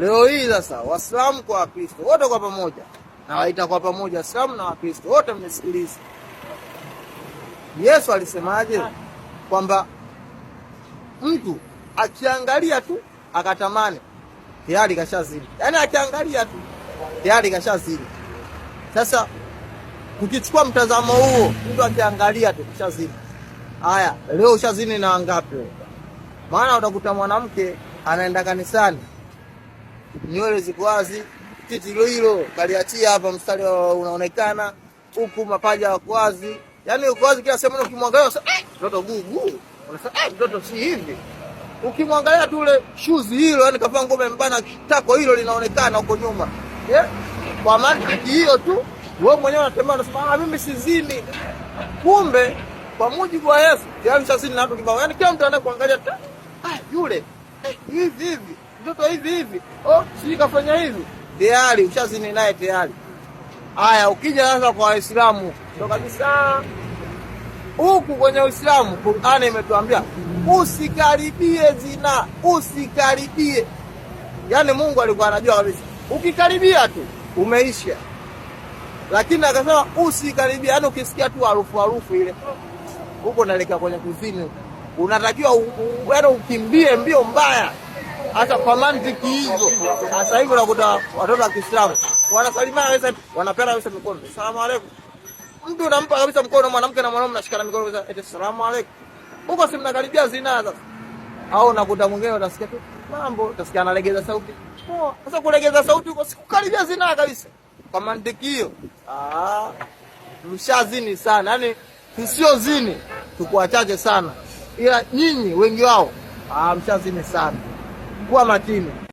Leo hii sasa Waislamu kwa Wakristo wote kwa pamoja, nawaita kwa pamoja, Waislamu na Wakristo wote mnisikilize. Yesu alisemaje? Kwamba mtu akiangalia tu akatamani tayari kashazini, yaani akiangalia tu tayari kashazini. Sasa ukichukua mtazamo huo, mtu akiangalia tu kashazini. Haya, leo ushazini na wangapi? Maana utakuta mwanamke anaenda kanisani nywele ziko wazi, titi hilo hilo kaliachia hapa, mstari unaonekana huku, mapaja yako wazi, yani uko wazi kila sehemu. Ukimwangalia unasema eh, mtoto gugu, unasema eh, mtoto si hivi. Ukimwangalia tu ule shuzi hilo, yani kavaa ngoma mbana, tako hilo linaonekana huko nyuma, yeah? Kwa maana hiyo tu wewe mwenyewe unatembea unasema, ah, mimi sizini. Kumbe kwa mujibu wa Yesu tayari shazini na watu kibao, yani kila mtu anakuangalia ah, yule eh, hivi hivi mtoto hivi hivi, oh, sijui kafanya hivi, tayari ushazini naye tayari. Haya, ukija sasa kwa Waislamu ndo kabisa huku kwenye Uislamu, Qur'ani imetuambia usikaribie zina, usikaribie. Yaani Mungu alikuwa anajua kabisa, ukikaribia tu umeisha, lakini akasema usikaribie. Yaani ukisikia tu harufu harufu ile, huko naelekea kwenye kuzini, unatakiwa yaani ukimbie mbio mbaya hata kwa mantiki hizo, sasa hivi unakuta watoto wa Kiislamu wanasalimana kabisa, wanapenda kabisa mikono, salamu alaikum. Mtu unampa kabisa mkono, mwanamke na mwanaume nashikana mikono kabisa, eti salamu alaikum. Huko si mnakaribia zinaa sasa, au unakuta mwingine utasikia tu mambo, utasikia analegeza sauti Oh, Sasa kulegeza sauti huko sikukaribia zinaa kabisa. Kwa mantiki hiyo, ah, mshazini sana, yani sio zini, tuko wachache sana, ila nyinyi wengi wao ah, mshazini sana kuwa makini